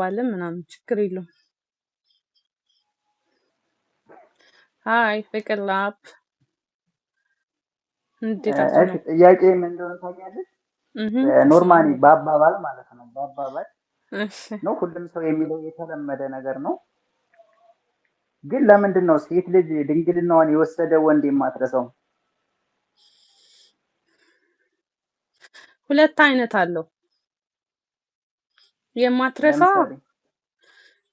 ባለን ምናምን ችግር የለውም። ሀይ ፍቅር ላፕ እንዴት ጥያቄ ምን እንደሆነ ታውቂያለሽ? ኖርማሊ በአባባል ማለት ነው በአባባል ነው ሁሉም ሰው የሚለው የተለመደ ነገር ነው። ግን ለምንድን ነው ሴት ልጅ ድንግልናዋን የወሰደ ወንድ የማትረሳው? ሁለት አይነት አለው የማትረሳ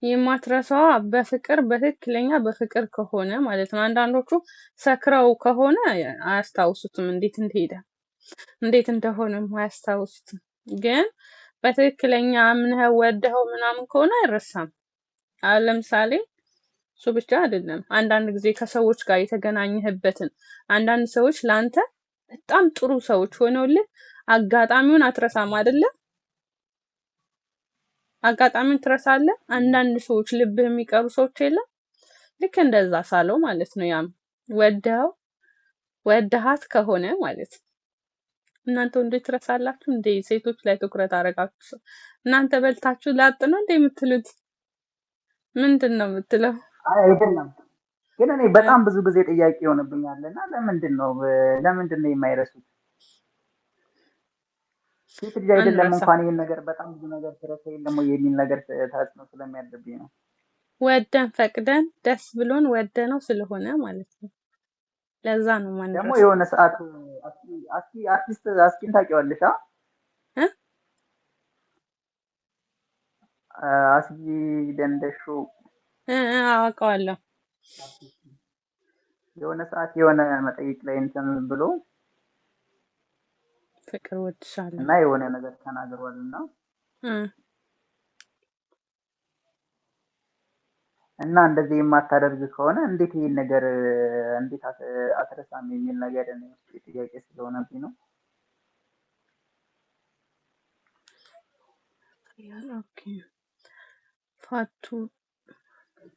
የማትረሳዋ በፍቅር በትክክለኛ በፍቅር ከሆነ ማለት ነው። አንዳንዶቹ ሰክረው ከሆነ አያስታውሱትም፣ እንዴት እንደሄደ እንዴት እንደሆነም አያስታውሱትም። ግን በትክክለኛ አምነኸው ወደኸው ምናምን ከሆነ አይረሳም። ለምሳሌ እሱ ብቻ አይደለም። አንዳንድ ጊዜ ከሰዎች ጋር የተገናኘህበትን አንዳንድ ሰዎች ለአንተ በጣም ጥሩ ሰዎች ሆነውልህ አጋጣሚውን አትረሳም አይደለም አጋጣሚ ትረሳለህ። አንዳንድ ሰዎች ልብህ የሚቀሩ ሰዎች የለም። ልክ እንደዛ ሳለው ማለት ነው። ያም ወደው ወደሃት ከሆነ ማለት ነው። እናንተ ወንዶች ትረሳላችሁ እንዴ? ሴቶች ላይ ትኩረት አደረጋችሁ? እናንተ በልታችሁ ላጥ ነው እንዴ የምትሉት? ምንድን ነው የምትለው? አይ አይደለም ግን እኔ በጣም ብዙ ጊዜ ጥያቄ ይሆንብኛል እና ለምንድን ነው ለምንድን ነው የማይረሱት? ሴት ልጅ አይደለም እንኳን ይህን ነገር በጣም ብዙ ነገር ትረሳ የለም ወይ የሚል ነገር ተጽዕኖ ስለሚያድርብኝ ነው። ወደን ፈቅደን ደስ ብሎን ወደ ነው ስለሆነ ማለት ነው። ለዛ ነው ደግሞ ማንረሳው። የሆነ ሰዓት አርቲስት አስኪን ታውቂዋለሽ? አ? እ? አስጊ ደንደሾ አውቀዋለሁ። የሆነ ሰዓት የሆነ መጠይቅ ላይ እንትን ብሎ ፍቅር ወድሻለሁ እና የሆነ ነገር ተናግሯል እና እና እንደዚህ የማታደርግ ከሆነ እንዴት ይህን ነገር እንዴት አትረሳም የሚል ነገር ውስጥ ጥያቄ ስለሆነብኝ ነው። ፋቱ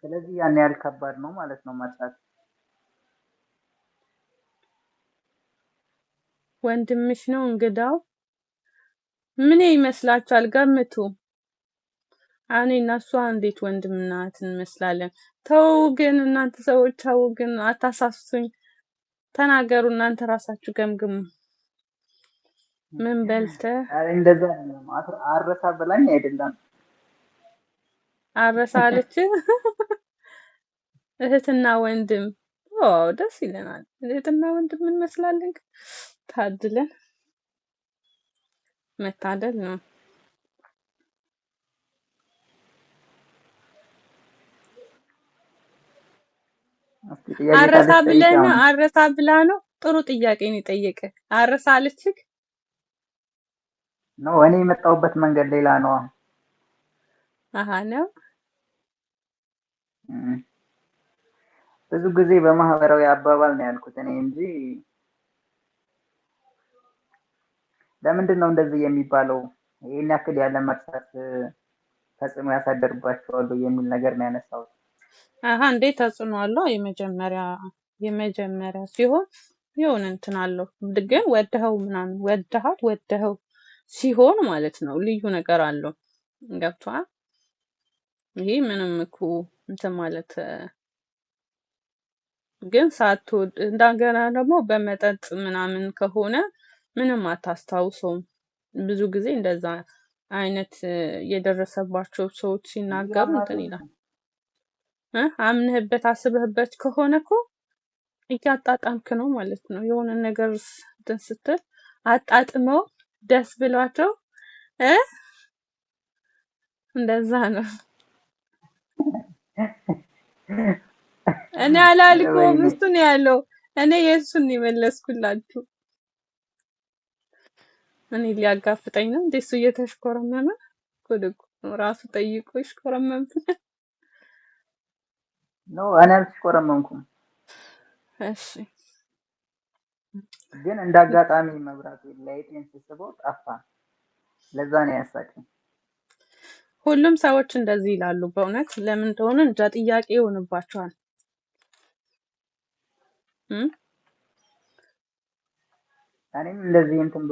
ስለዚህ ያን ያህል ከባድ ነው ማለት ነው ማጣት ወንድምሽ ነው እንግዳው? ምኔ ይመስላችኋል? ገምቱ። እኔ እና እሷ እንዴት ወንድም እንመስላለን? ተው ግን እናንተ ሰዎች ተው ግን አታሳስቱኝ። ተናገሩ እናንተ ራሳችሁ ገምግሙ። ምን በልተህ እንደዛ አረሳ ብላኝ አይደለም አረሳ አለች። እህትና ወንድም ደስ ይለናል። እህትና ወንድም እንመስላለን። ታድለን መታደል ነው። አረሳ ብለህ ነው? አረሳ ብላ ነው? ጥሩ ጥያቄ ነው የጠየቀ። አረሳ አለችህ ነው? እኔ የመጣሁበት መንገድ ሌላ ነው። አሀ ነው። ብዙ ጊዜ በማህበራዊ አባባል ነው ያልኩት እኔ እንጂ ለምንድን ነው እንደዚህ የሚባለው? ይህን ያክል ያለ መርሳት ተጽዕኖ ያሳደርባቸዋሉ የሚል ነገር ነው ያነሳው። እንዴት ተጽዕኖ አለው። የመጀመሪያ የመጀመሪያ ሲሆን የሆነ እንትን አለው፣ ግን ወደኸው ምናምን ወደሃት ወደኸው ሲሆን ማለት ነው ልዩ ነገር አለው። ገብቷል። ይሄ ምንም እኮ እንትን ማለት ግን ሳትወድ እንደገና ደግሞ በመጠጥ ምናምን ከሆነ ምንም አታስታውሰውም። ብዙ ጊዜ እንደዛ አይነት የደረሰባቸው ሰዎች ሲናገሩ እንትን ይላል። አምንህበት አስበህበት ከሆነ እኮ እያጣጣምክ ነው ማለት ነው። የሆነ ነገር እንትን ስትል አጣጥመው ደስ ብሏቸው እንደዛ ነው። እኔ አላልኩም፣ እሱ ነው ያለው። እኔ የእሱን የመለስኩላችሁ። እኔ ሊያጋፍጠኝ ነው እንዴ? እሱ እየተሽኮረመመ ጉድ ራሱ ጠይቆ ይሽኮረመም ነው። እኔ አልተሽኮረመምኩም፣ እሺ። ግን እንደ አጋጣሚ መብራቱ ላይጤን ስስበው ጠፋ። ለዛ ነው ያሳቀኝ። ሁሉም ሰዎች እንደዚህ ይላሉ። በእውነት ለምን እንደሆነ እንጃ ጥያቄ ይሆንባቸዋል። እም እኔም እንደዚህ እንትን